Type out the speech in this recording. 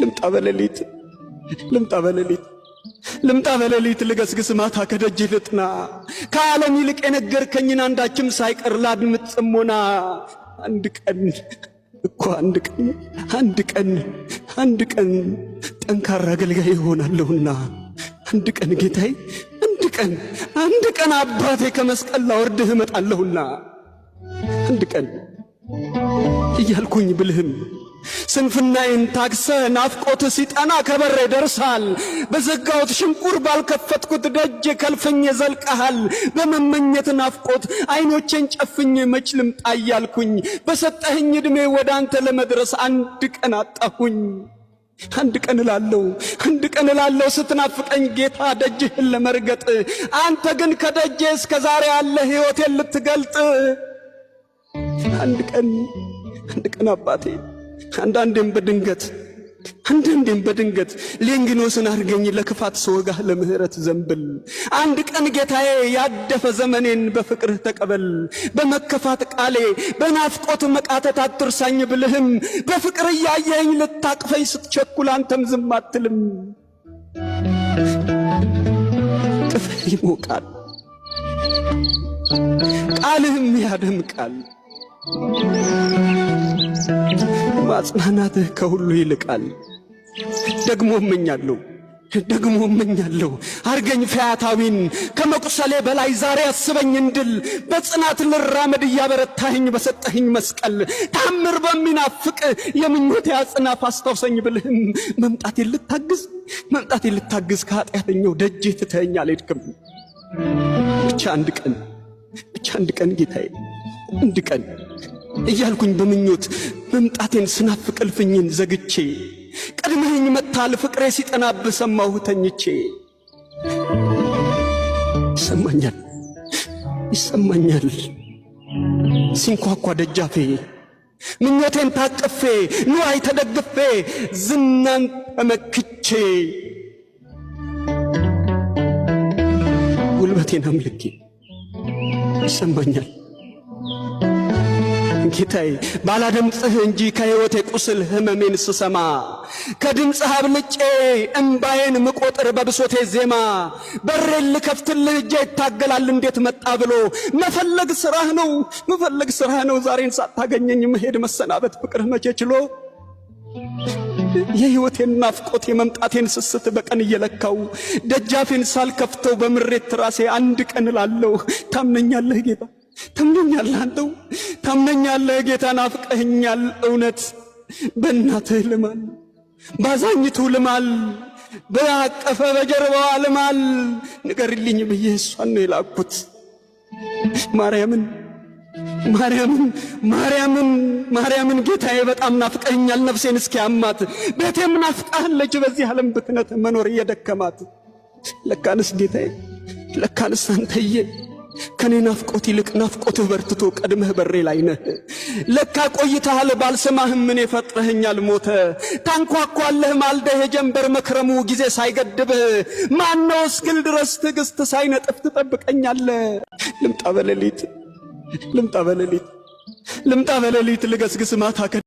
ልምጣ በሌሊት ልምጣ በሌሊት ልምጣ በሌሊት ልገስግስ ማታ ከደጅ ልጥና ከዓለም ይልቅ የነገርከኝን አንዳችም ሳይቀር ላድምጥ ጽሞና አንድ ቀን እኮ አንድ ቀን አንድ ቀን አንድ ቀን ጠንካራ አገልጋይ ይሆናለሁና አንድ ቀን ጌታዬ አንድ ቀን አንድ ቀን አባቴ ከመስቀል ላወርድህ እመጣለሁና አንድ ቀን እያልኩኝ ብልህም ስንፍናዬን ታክሰ ናፍቆት ሲጠና ከበሬ ደርሳል። በዘጋሁት ሽንቁር ባልከፈትኩት ደጅ ከልፈኝ ዘልቀሃል። በመመኘት ናፍቆት አይኖቼን ጨፍኝ መች ልምጣ እያልኩኝ በሰጠህኝ ዕድሜ ወደ አንተ ለመድረስ አንድ ቀን አጣሁኝ። አንድ ቀን እላለሁ አንድ ቀን እላለሁ ስትናፍቀኝ ጌታ ደጅህን ለመርገጥ አንተ ግን ከደጄ እስከ ዛሬ ያለ ሕይወቴን ልትገልጥ አንድ ቀን አንድ ቀን አባቴ አንዳንዴም በድንገት አንዳንዴም በድንገት ሌንጊኖስን አድርገኝ ለክፋት ስወጋህ ለምህረት ዘንብል። አንድ ቀን ጌታዬ ያደፈ ዘመኔን በፍቅርህ ተቀበል። በመከፋት ቃሌ በናፍቆት መቃተት አትርሳኝ ብልህም በፍቅር እያየኝ ልታቅፈኝ ስትቸኩል አንተም ዝም አትልም። ቅፍህ ይሞቃል፣ ቃልህም ያደምቃል። ማጽናናትህ ከሁሉ ይልቃል። ደግሞ እመኛለሁ ደግሞ እመኛለሁ አርገኝ ፈያታዊን ከመቁሰሌ በላይ ዛሬ አስበኝ እንድል በጽናት ልራመድ እያበረታኸኝ በሰጠኸኝ መስቀል ታምር በሚናፍቅ የምኞቴ አጽናፍ አስታውሰኝ ብልህም መምጣቴን ልታግዝ መምጣቴን ልታግዝ ከኃጢአተኛው ደጅ ትተኸኝ አልሄድክም። ብቻ አንድ ቀን ብቻ አንድ ቀን ጌታዬ አንድ ቀን እያልኩኝ በምኞት መምጣቴን ስናፍቅ እልፍኝን ዘግቼ ቀድመኝ መታል ፍቅሬ ሲጠናብህ ሰማሁ ተኝቼ። ይሰማኛል ይሰማኛል ሲንኳኳ ደጃፌ ምኞቴን ታቅፌ ንዋይ ተደግፌ ዝናን ተመክቼ ጉልበቴን አምልኬ ይሰማኛል ጌታዬ ባላደምጽህ እንጂ ከሕይወቴ ቁስል ህመሜን ስሰማ ከድምፅህ አብልጬ እምባዬን ምቆጥር በብሶቴ ዜማ በሬን ልከፍትልህ እጄ ይታገላል እንዴት መጣ ብሎ መፈለግ ስራህ ነው መፈለግ ስራህ ነው ዛሬን ሳታገኘኝ መሄድ መሰናበት ፍቅርህ መቼ ችሎ የሕይወቴን ናፍቆት የመምጣቴን ስስት በቀን እየለካው ደጃፌን ሳልከፍተው በምሬት ራሴ አንድ ቀን እላለሁ ታምነኛለህ ጌታ ታምነኛለህ፣ አንተው ታምነኛለህ። ጌታ ናፍቀኸኛል። እውነት በእናትህ ልማል፣ ባዛኝቱ ልማል፣ በአቀፈ በጀርባዋ ልማል። ንገርልኝ ብዬ እሷን ነው የላኩት። ማርያምን ማርያምን ማርያምን ማርያምን ጌታዬ በጣም ናፍቀኸኛል። ነፍሴን እስኪ ያማት ቤቴም ናፍቃለች። በዚህ ዓለም ብክነት መኖር እየደከማት ለካንስ ጌታዬ ለካንስ አንተዬ ከኔ ናፍቆት ይልቅ ናፍቆትህ በርትቶ ቀድመህ በሬ ላይ ነህ። ለካ ቆይተሃል ባልሰማህም ምን የፈጥረህኛል ሞተ ታንኳኳለህ ማልደህ የጀንበር መክረሙ ጊዜ ሳይገድብህ ማነው እስክል ድረስ ትዕግሥት ሳይነጥፍ ትጠብቀኛለህ። ልምጣ በሌሊት ልምጣ በሌሊት ልምጣ በሌሊት ልገስግስ ማታ